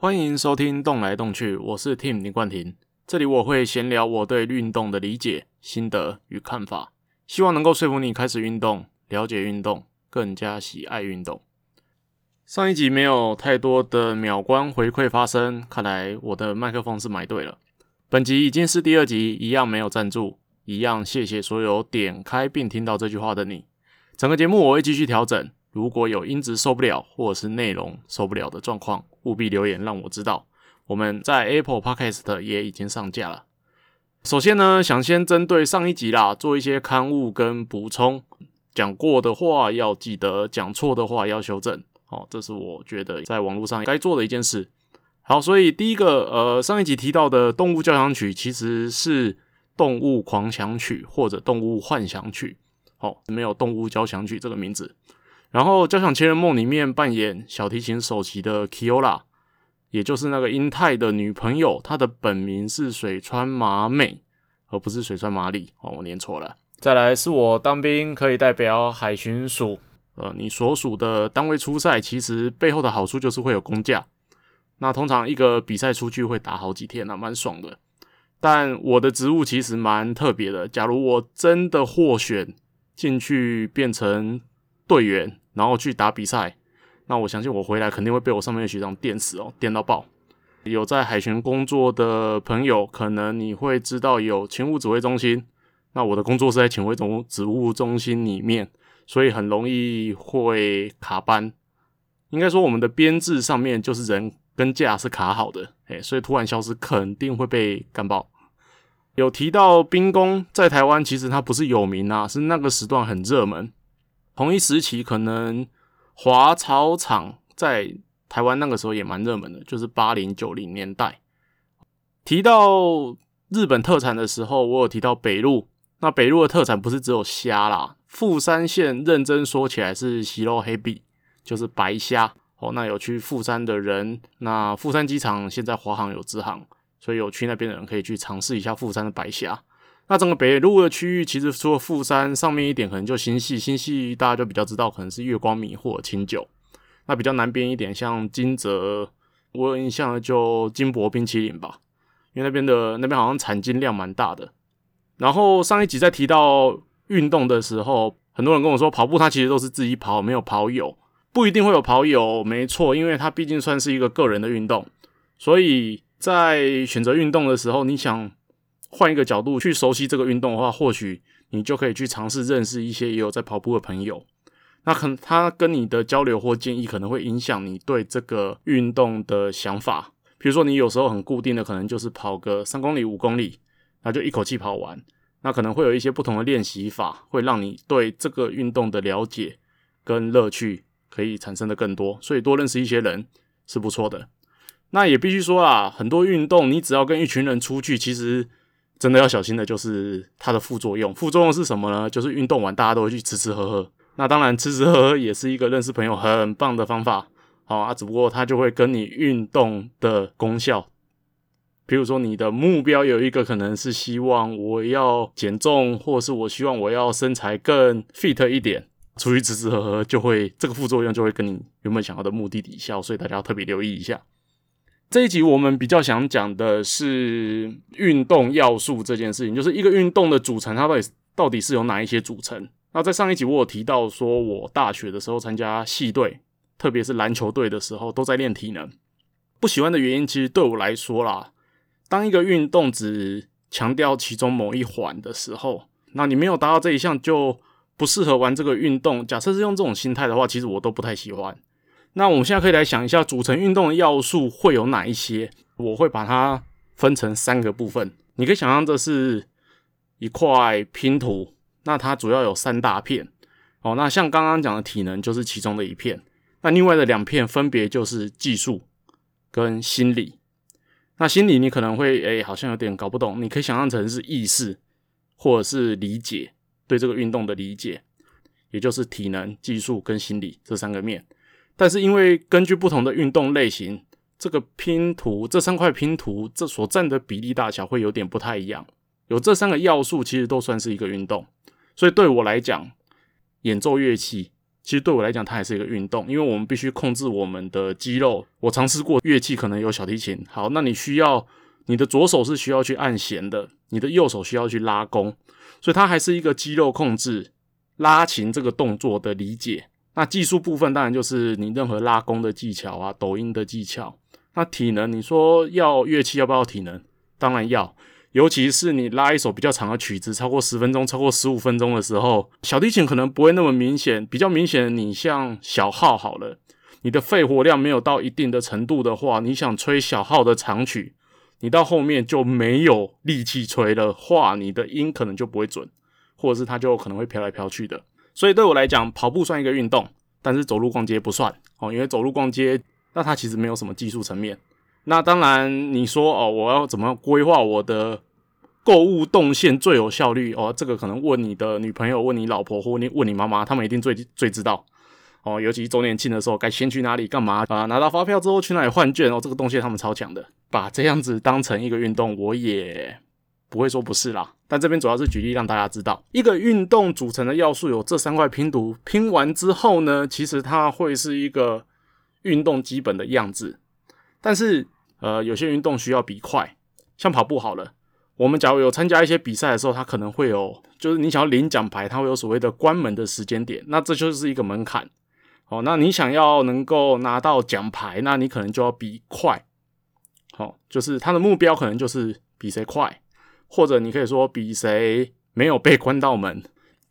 歡迎收聽《動來動去》，我是 Tim 林冠廷，這裡我會閒聊我對運動的理解、心得與看法，希望能夠說服你開始運動、了解運動、更加喜愛運動。上一集沒有太多的秒關回饋發生，看來我的麥克風是買對了。本集已經是第二集，一樣沒有贊助，一樣謝謝所有點開並聽到這句話的你。整個節目我會繼續調整。如果有音質受不了或者是內容受不了的狀況，務必留言讓我知道。我們在 Apple Podcast 也已經上架了。首先呢，想先針對上一集啦做一些勘誤跟補充。講過的話要記得，講錯的話要修正。好、哦，這是我覺得在網絡上該做的一件事。好，所以第一個呃，上一集提到的《動物交響曲》其實是《動物狂想曲》或者《動物幻想曲》哦。好，沒有《動物交響曲》這個名字。然後，《交響情人夢》裡面扮演小提琴首席的 Kiyola，也就是那個瑛太的女朋友，她的本名是水川麻美，而不是水川麻里。哦，我念錯了。再來是我當兵，可以代表海巡署。呃，你所屬的單位出賽，其實背後的好處就是會有公假。那通常一個比賽出去會打好幾天那，啊，蠻爽的。但我的職務其實蠻特別的，假如我真的獲選進去變成隊員，然後去打比賽，那我相信我回來肯定會被我上面的學長電死哦，電到爆。有在海巡工作的朋友，可能你會知道有勤務指揮中心，那我的工作是在勤務指揮中心裡面，所以很容易會卡班。應該說我們的編製上面就是人跟架是卡好的，誒、欸，所以突然消失肯定會被乾爆。有提到兵工在台灣，其實它不是有名啊，是那個時段很熱門。同一時期，可能滑草場在台灣那個時候也蠻熱門的，就是八零九零年代。提到日本特產的時候，我有提到北陸，那北陸的特產不是只有蝦啦。富山縣認真說起來是席肉黑比，就是白蝦。哦，那有去富山的人，那富山機場現在華航有直航，所以有去那邊的人可以去嘗試一下富山的白蝦。那整個北陸的區域，其實除了富山上面一點，可能就新潟，新潟大家就比較知道，可能是越光米或者清酒。那比較南邊一點，像金澤，我印象就金箔冰淇淋吧，因為那邊的那邊好像產金量蠻大的。然後上一集在提到運動的時候，很多人跟我說跑步，它其實都是自己跑，沒有跑友，不一定會有跑友。沒錯，因為它畢竟算是一個個人的運動，所以在選擇運動的時候，你想。換一個角度去熟悉這個運動的話，或許你就可以去嘗試認識一些也有在跑步的朋友。那可能他跟你的交流或建議，可能會影響你對這個運動的想法。比如說，你有時候很固定的，可能就是跑個三公里、五公里，那就一口氣跑完。那可能會有一些不同的練習法，會讓你對這個運動的了解跟樂趣可以產生的更多。所以，多認識一些人是不錯的。那也必須說啊，很多運動你只要跟一群人出去，其實。真的要小心的就是它的副作用。副作用是什麼呢？就是運動完大家都會去吃吃喝喝。那當然吃吃喝喝也是一個認識朋友很棒的方法，好啊。只不過它就會跟你運動的功效，比如說你的目標有一個可能是希望我要減重，或是我希望我要身材更 fit 一點，出去吃吃喝喝就會這個副作用就會跟你原本想要的目的抵消，所以大家要特別留意一下。這一集我們比較想講的是運動要素這件事情，就是一個運動的組成，它到底到底是由哪一些組成？那在上一集我有提到說，我大學的時候參加系隊，特別是籃球隊的時候，都在練體能。不喜歡的原因，其實對我來說啦，當一個運動只強調其中某一環的時候，那你沒有達到這一項就不適合玩這個運動。假設是用這種心態的話，其實我都不太喜歡。那我們現在可以來想一下，組成運動的要素會有哪一些？我會把它分成三個部分。你可以想象這是一塊拼圖，那它主要有三大片。哦，那像剛剛講的體能就是其中的一片，那另外的兩片分別就是技術跟心理。那心理你可能會哎、欸、好像有點搞不懂，你可以想象成是意識或者是理解，對這個運動的理解，也就是體能、技術跟心理這三個面。但是因為根據不同的運動類型，這個拼圖，這三塊拼圖這所占的比例大小會有點不太一樣。有這三個要素其實都算是一個運動，所以對我來講，演奏樂器其實對我來講，它也是一個運動，因為我們必須控制我們的肌肉。我嘗試過樂器，可能有小提琴。好，那你需要你的左手是需要去按弦的，你的右手需要去拉弓，所以它還是一個肌肉控制拉琴這個動作的理解。那技術部分當然就是你任何拉弓的技巧啊，抖音的技巧。那體能，你說要樂器要不要體能？當然要。尤其是你拉一首比較長的曲子，超過十分鐘，超過十五分鐘的時候，小提琴可能不會那麼明顯。比較明顯的，你像小號好了，你的肺活量沒有到一定的程度的話，你想吹小號的長曲，你到後面就沒有力氣吹的話，你的音可能就不會準，或者是它就可能會飄來飄去的。所以對我來講，跑步算一個運動，但是走路逛街不算哦，因為走路逛街，那它其實沒有什麼技術層面。那當然，你說哦，我要怎麼規劃我的購物動線最有效率哦？這個可能問你的女朋友、問你老婆或你問你媽媽，他們一定最最知道哦。尤其周年慶的時候，該先去哪裡幹嘛啊？拿到發票之後去哪裡換券哦？這個動線他們超強的，把這樣子當成一個運動，我也。不會說，不是啦，但這邊主要是舉例讓大家知道，一個運動組成的要素有這三塊拼圖，拼完之後呢，其實它會是一個運動基本的樣子。但是，呃，有些運動需要比快，像跑步好了，我們假如有參加一些比賽的時候，它可能會有，就是你想要領獎牌，它會有所謂的關門的時間點，那這就是一個門檻。哦，那你想要能夠拿到獎牌，那你可能就要比快，好、哦，就是它的目標可能就是比誰快。或者你可以說比誰沒有被關到門。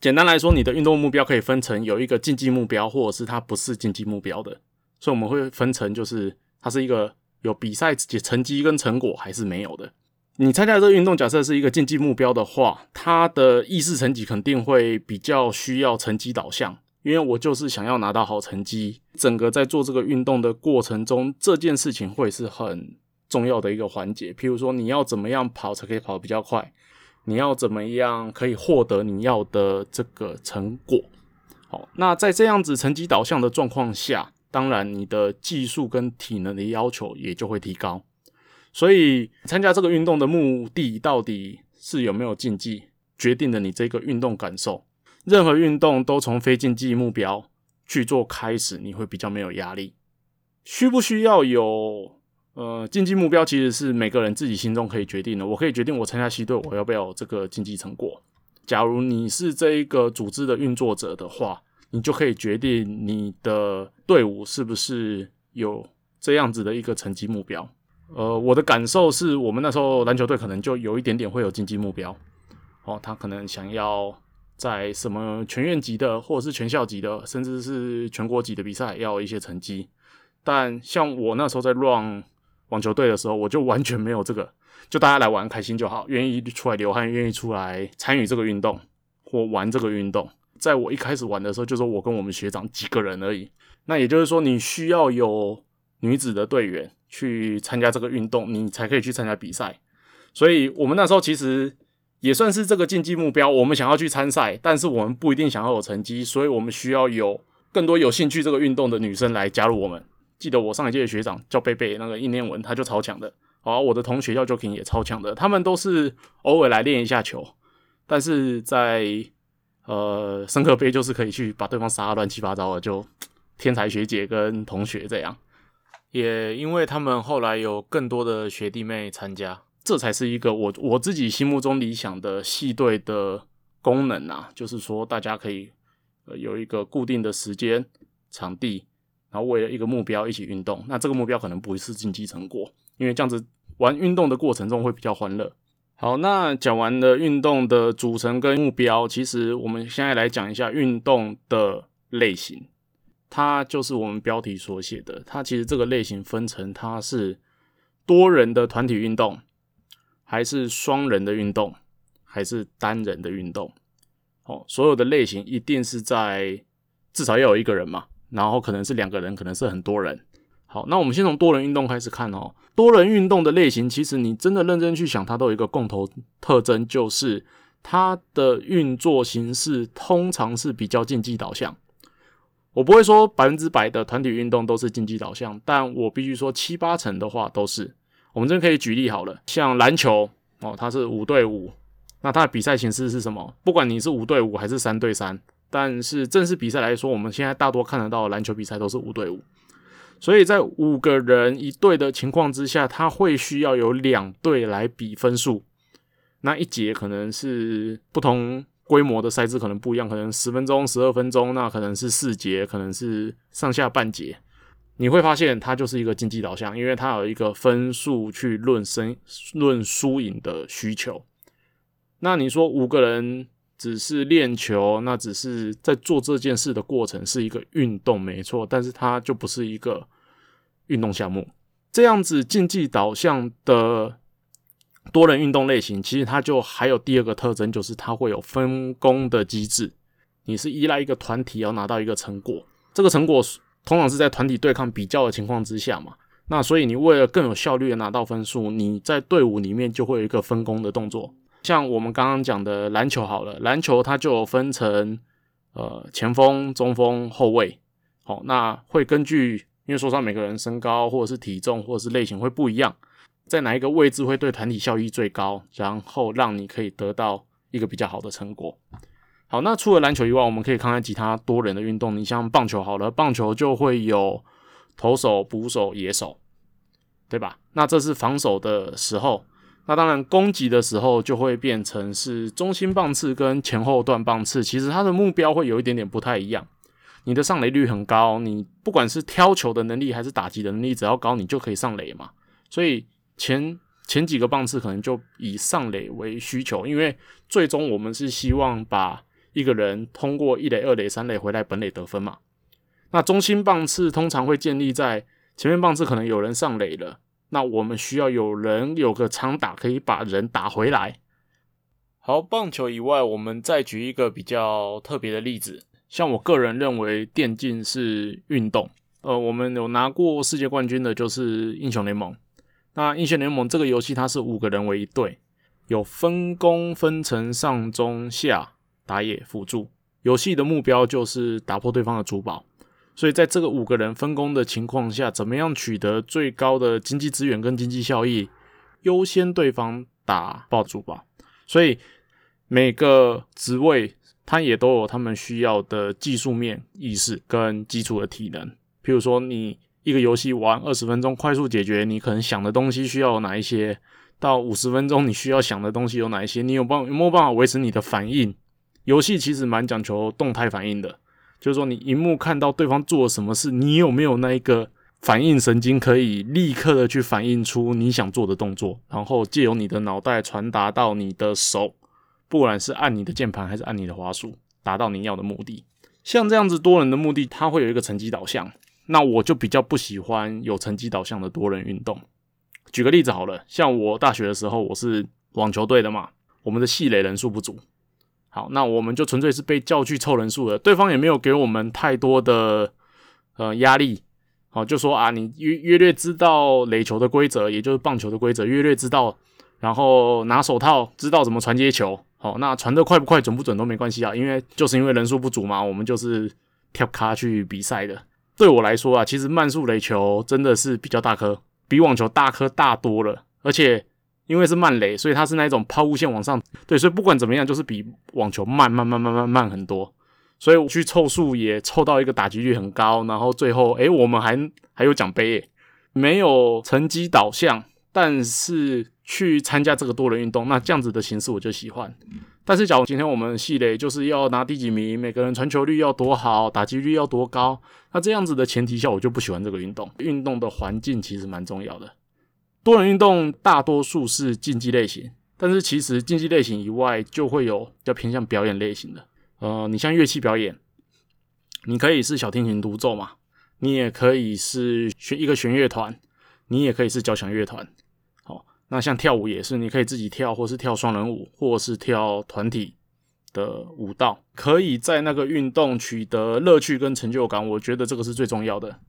簡單來說，你的運動目標可以分成有一個競技目標，或者是它不是競技目標的。所以我們會分成，就是它是一個有比賽成績跟成果，還是沒有的。你參加這個運動，假設是一個競技目標的話，它的意識層級肯定會比較需要成績導向，因為我就是想要拿到好成績。整個在做這個運動的過程中，這件事情會是很。重要的一個環節，譬如說你要怎麼樣跑才可以跑得比較快，你要怎麼樣可以獲得你要的這個成果。好，那在這樣子成績導向的狀況下，當然你的技術跟體能的要求也就會提高。所以參加這個運動的目的到底是有沒有競技，決定了你這個運動感受。任何運動都從非競技目標去做開始，你會比較沒有壓力。需不需要有？呃，競技目標其實是每個人自己心中可以決定的。我可以決定我參加系隊，我要不要有這個競技成果？假如你是這一個組織的運作者的話，你就可以決定你的隊伍是不是有這樣子的一個成績目標。呃，我的感受是我們那時候籃球隊可能就有一點點會有競技目標，哦，他可能想要在什麼全院級的，或者是全校級的，甚至是全國級的比賽要有一些成績。但像我那時候在 run。網球隊的時候，我就完全沒有這個，就大家來玩開心就好，願意出來流汗，願意出來參與這個運動或玩這個運動。在我一開始玩的時候，就是我跟我們學長幾個人而已。那也就是說，你需要有女子的隊員去參加這個運動，你才可以去參加比賽。所以我們那時候其實也算是這個競技目標，我們想要去參賽，但是我們不一定想要有成績，所以我們需要有更多有興趣這個運動的女生來加入我們。記得我上一屆的學長叫貝貝，那個應念文他就超強的。好、啊，我的同學叫 Joking 也超強的，他們都是偶爾來練一下球，但是在呃，深刻杯就是可以去把對方殺得，啊、亂七八糟的，就天才學姐跟同學這樣。也因為他們後來有更多的學弟妹參加，這才是一個我我自己心目中理想的系隊的功能啊，就是說大家可以、呃、有一個固定的時間、場地。然後為了一個目標一起運動，那這個目標可能不是競技成果，因為這樣子玩運動的過程中會比較歡樂。好，那講完了運動的組成跟目標，其實我們現在來講一下運動的類型。它就是我們標題所寫的，它其實這個類型分成它是多人的團體運動，還是雙人的運動，還是單人的運動。哦，所有的類型一定是在至少要有一個人嘛。然後可能是兩個人，可能是很多人。好，那我們先從多人運動開始看哦。多人運動的類型，其實你真的認真去想，它都有一個共同特徵，就是它的運作形式通常是比較競技導向。我不會說百分之百的團體運動都是競技導向，但我必須說七八成的話都是。我們這邊可以舉例好了，像籃球哦，它是五對五，那它的比賽形式是什麼？不管你是五對五還是三對三。但是正式比賽來說，我們現在大多看得到籃球比賽都是五對五，所以在五個人一隊的情況之下，他會需要有兩隊來比分數。那一節可能是不同規模的賽制可能不一樣，可能十分鐘、十二分鐘，那可能是四節，可能是上下半節。你會發現它就是一個競技導向，因為它有一個分數去論勝論輸贏的需求。那你說五個人？只是練球，那只是在做這件事的過程是一個運動，沒錯，但是它就不是一個運動項目。這樣子競技導向的多人運動類型，其實它就還有第二個特徵，就是它會有分工的機制。你是依賴一個團體要拿到一個成果，這個成果通常是在團體對抗比較的情況之下嘛。那所以你為了更有效率的拿到分數，你在隊伍裡面就會有一個分工的動作。像我們剛剛講的籃球好了，籃球它就有分成呃前鋒、中鋒、後衛，好，那會根據因為說上每個人身高或者是體重或者是類型會不一樣，在哪一個位置會對團體效益最高，然後讓你可以得到一個比較好的成果。好，那除了籃球以外，我們可以看看其他多人的運動，你像棒球好了，棒球就會有投手、捕手、野手，對吧？那這是防守的時候。那當然，攻擊的時候就會變成是中心棒次跟前後段棒次，其實它的目標會有一點點不太一樣。你的上壘率很高，你不管是挑球的能力還是打擊的能力，只要高你就可以上壘嘛。所以前前幾個棒次可能就以上壘為需求，因為最終我們是希望把一個人通過一壘、二壘、三壘回來本壘得分嘛。那中心棒次通常會建立在前面棒次可能有人上壘了。那我們需要有人有個長打，可以把人打回來。好，棒球以外，我們再舉一個比較特別的例子。像我個人認為，電競是運動。呃，我們有拿過世界冠軍的，就是《英雄聯盟》。那《英雄聯盟》這個遊戲，它是五個人為一隊，有分工，分成上、中、下，打野、輔助。遊戲的目標就是打破對方的主堡。所以在這個五個人分工的情況下，怎麼樣取得最高的經濟資源跟經濟效益？優先對方打爆竹吧。所以每個職位，他也都有他們需要的技術面意識跟基礎的體能。譬如說，你一個遊戲玩二十分鐘，快速解決你可能想的東西需要有哪一些；到五十分鐘，你需要想的東西有哪一些？你有辦有沒有辦法維持你的反應？遊戲其實蠻講求動態反應的。就是說，你螢幕看到對方做了什麼事，你有沒有那一個反應神經可以立刻的去反應出你想做的動作，然後借由你的腦袋傳達到你的手，不管是按你的鍵盤還是按你的滑鼠，達到你要的目的。像這樣子多人的目的，它會有一個成績導向，那我就比較不喜歡有成績導向的多人運動。舉個例子好了，像我大學的時候，我是網球隊的嘛，我們的系壘人數不足。好，那我們就純粹是被叫去湊人數的，對方也沒有給我們太多的呃壓力。好，就說啊，你約約略知道壘球的規則，也就是棒球的規則，約略知道，然後拿手套，知道怎麼傳接球。好，那傳得快不快、準不準都沒關係啊，因為就是因為人數不足嘛，我們就是跳卡去比賽的。對我來說啊，其實慢速壘球真的是比較大顆，比網球大顆大多了，而且，因為是慢壘，所以它是那一種拋物線往上，對，所以不管怎麼樣，就是比網球慢，慢，慢，慢，慢，慢很多。所以我去湊數也湊到一個打擊率很高，然後最後，誒，我們還還有獎盃欸，沒有成績導向，但是去參加這個多人運動，那這樣子的形式我就喜歡。但是假如今天我們系壘就是要拿第幾名，每個人傳球率要多好，打擊率要多高，那這樣子的前提下，我就不喜歡這個運動。運動的環境其實蠻重要的。多人運動大多數是競技類型，但是其實競技類型以外，就會有比較偏向表演類型的。呃，你像樂器表演，你可以是小提琴獨奏嘛，你也可以是學一個弦樂團，你也可以是交響樂團。好，那像跳舞也是，你可以自己跳，或是跳雙人舞，或是跳團體的舞蹈，可以在那個運動取得樂趣跟成就感。我覺得這個是最重要的。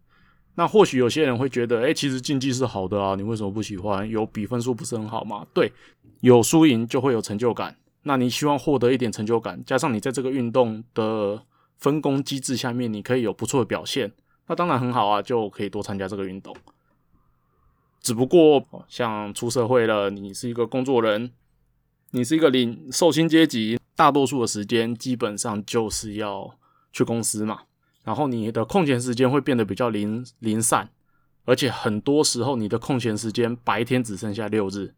那或許有些人會覺得，哎、欸，其實競技是好的啊，你為什麼不喜歡？有比分數不是很好嗎？對，有輸贏就會有成就感。那你希望獲得一點成就感，加上你在這個運動的分工機制下面，你可以有不錯的表現，那當然很好啊，就可以多參加這個運動。只不過像出社會了，你是一個工作人，你是一個領受薪階級，大多數的時間基本上就是要去公司嘛。然後你的空閒時間會變得比較零零散，而且很多時候你的空閒時間白天只剩下六日，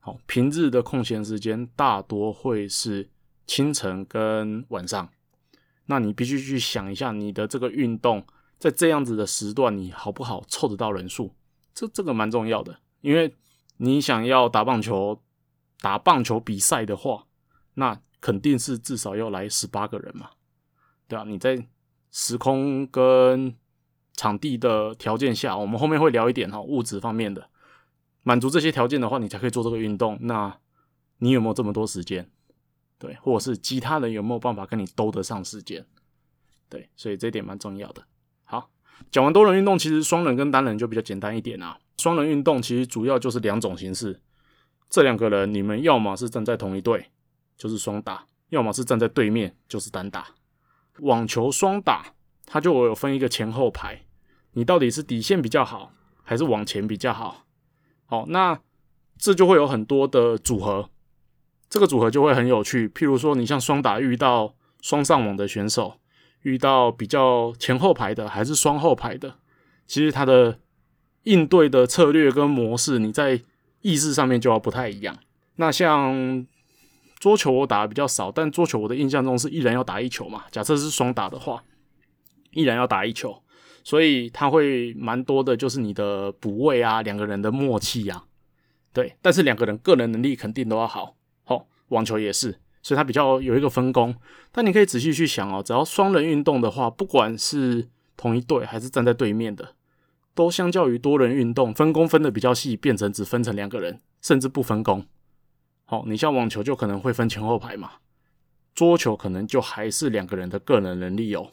好，平日的空閒時間大多會是清晨跟晚上。那你必須去想一下，你的這個運動在這樣子的時段，你好不好湊得到人數？這這個蠻重要的，因為你想要打棒球，打棒球比賽的話，那肯定是至少要來十八個人嘛，對吧？你在時空跟場地的條件下，我們後面會聊一點哈，物質方面的。滿足這些條件的話，你才可以做這個運動。那你有沒有這麼多時間？對，或者是其他人有沒有辦法跟你兜得上時間？對，所以這一點蠻重要的。好，講完多人運動，其實雙人跟單人就比較簡單一點啊。雙人運動其實主要就是兩種形式：這兩個人，你們要麼是站在同一隊，就是雙打；要麼是站在對面，就是單打。網球雙打，它就有分一個前後排，你到底是底線比較好，還是往前比較好？好，那這就會有很多的組合，這個組合就會很有趣。譬如說，你像雙打遇到雙上網的選手，遇到比較前後排的，還是雙後排的，其實它的應對的策略跟模式，你在意識上面就要不太一樣。那像桌球我打的比較少，但桌球我的印象中是一人要打一球嘛。假設是雙打的話，一人要打一球，所以他會蠻多的，就是你的補位啊，兩個人的默契呀，對。但是兩個人個人能力肯定都要好。齁，網球也是，所以它比較有一個分工。但你可以仔細去想哦，只要雙人運動的話，不管是同一隊還是站在對面的，都相較於多人運動分工分的比較細，變成只分成兩個人，甚至不分工。好，你像網球就可能會分前後排嘛，桌球可能就還是兩個人的個人能力哦，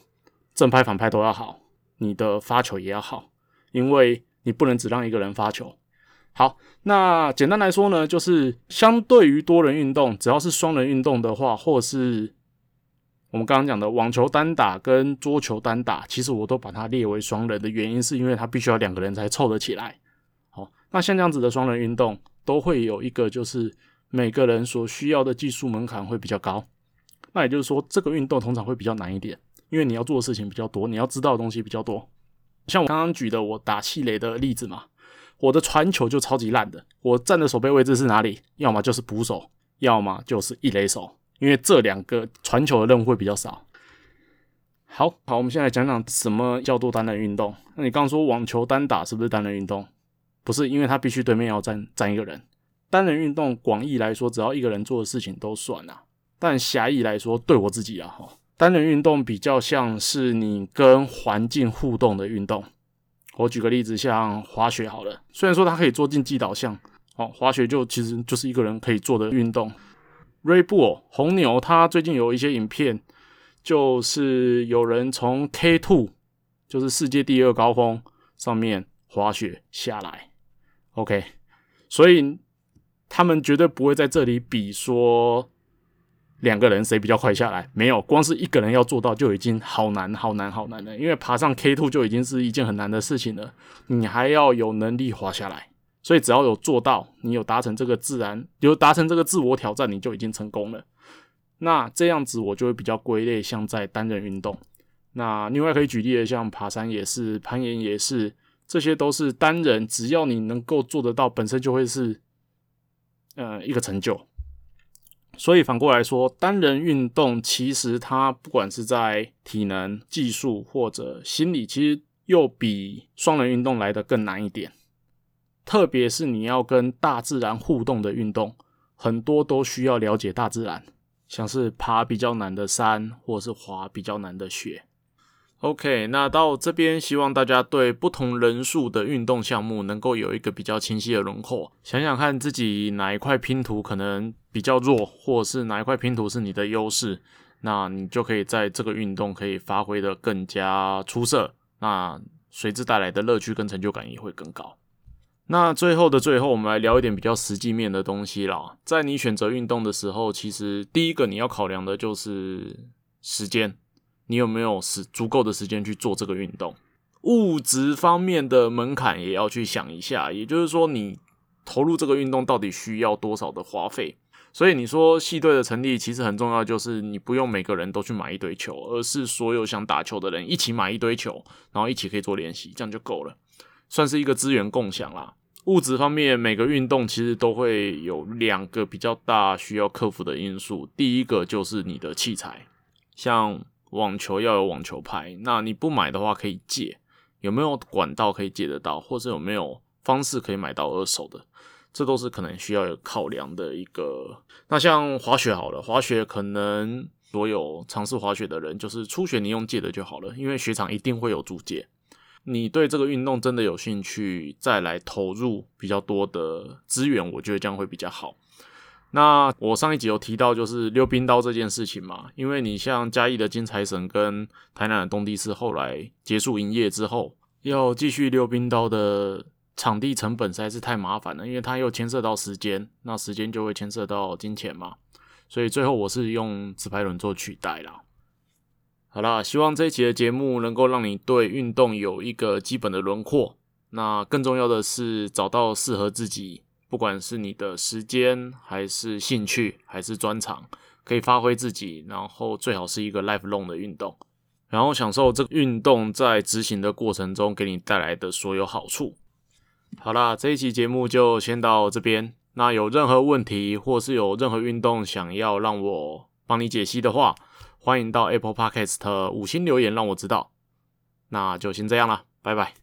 正拍反拍都要好，你的發球也要好，因為你不能只讓一個人發球。好，那簡單來說呢，就是相對於多人運動，只要是雙人運動的話，或是我們剛剛講的網球單打跟桌球單打，其實我都把它列為雙人的原因，是因為它必須要兩個人才湊得起來。好，那像這樣子的雙人運動都會有一個就是。每個人所需要的技術門檻會比較高，那也就是說，這個運動通常會比較難一點，因為你要做的事情比較多，你要知道的東西比較多。像我剛剛舉的我打氣壘的例子嘛，我的傳球就超級爛的。我站的守備位置是哪裡？要麼就是捕手，要麼就是一壘手，因為這兩個傳球的任務會比較少。好好，我們現在講講什麼叫做單人運動。那你剛剛說網球單打是不是單人運動？不是，因為他必須對面要站站一個人。單人運動廣義來說，只要一個人做的事情都算啊。但狹義來說，對我自己啊，單人運動比較像是你跟環境互動的運動。我舉個例子，像滑雪好了，雖然說它可以做競技導向，哦，滑雪就其實就是一個人可以做的運動。Red Bull 紅牛他最近有一些影片，就是有人從 K Two，就是世界第二高峰上面滑雪下來。OK，所以。他們絕對不會在這裡比說兩個人誰比較快下來，沒有，光是一個人要做到就已經好難、好難、好難了。因為爬上 K2 就已經是一件很難的事情了，你還要有能力滑下來，所以只要有做到，你有達成這個自然有達成這個自我挑戰，你就已經成功了。那這樣子我就會比較歸類，像在單人運動，那另外可以舉例的像爬山也是，攀岩也是，這些都是單人，只要你能夠做得到，本身就會是。呃，一個成就。所以反過來說，單人運動其實它不管是在體能、技術或者心理，其實又比雙人運動來得更難一點。特別是你要跟大自然互動的運動，很多都需要了解大自然，像是爬比較難的山，或是滑比較難的雪。OK，那到這邊，希望大家對不同人數的運動項目能夠有一個比較清晰的輪廓。想想看自己哪一塊拼圖可能比較弱，或者是哪一塊拼圖是你的優勢，那你就可以在這個運動可以發揮的更加出色。那隨之帶來的樂趣跟成就感也會更高。那最後的最後，我們來聊一點比較實際面的東西啦。在你選擇運動的時候，其實第一個你要考量的就是時間。你有沒有時足夠的時間去做這個運動？物質方面的門檻也要去想一下，也就是說，你投入這個運動到底需要多少的花費？所以你說系隊的成立其實很重要，就是你不用每個人都去買一堆球，而是所有想打球的人一起買一堆球，然後一起可以做練習，這樣就夠了，算是一個資源共享啦。物質方面，每個運動其實都會有兩個比較大需要克服的因素，第一個就是你的器材，像，網球要有網球拍，那你不買的話可以借，有沒有管道可以借得到，或者有沒有方式可以買到二手的，這都是可能需要有考量的一個。那像滑雪好了，滑雪可能所有嘗試滑雪的人，就是初學你用借的就好了，因為雪場一定會有租借。你對這個運動真的有興趣，再來投入比較多的資源，我覺得這樣會比較好。那我上一集有提到，就是溜冰刀這件事情嘛，因為你像嘉義的金財神跟台南的東帝士，後來結束營業之後，要繼續溜冰刀的場地成本實在是太麻煩了，因為它又牽涉到時間，那時間就會牽涉到金錢嘛，所以最後我是用直排輪做取代了。好啦，希望這一期的節目能夠讓你對運動有一個基本的輪廓，那更重要的是找到適合自己。不管是你的時間，還是興趣，還是專長，可以發揮自己，然後最好是一個 lifelong 的運動，然後享受這個運動在執行的過程中給你帶來的所有好處。好啦，這一期節目就先到這邊。那有任何問題，或是有任何運動想要讓我幫你解析的話，歡迎到 Apple Podcast 的五星留言讓我知道。那就先這樣啦，拜拜。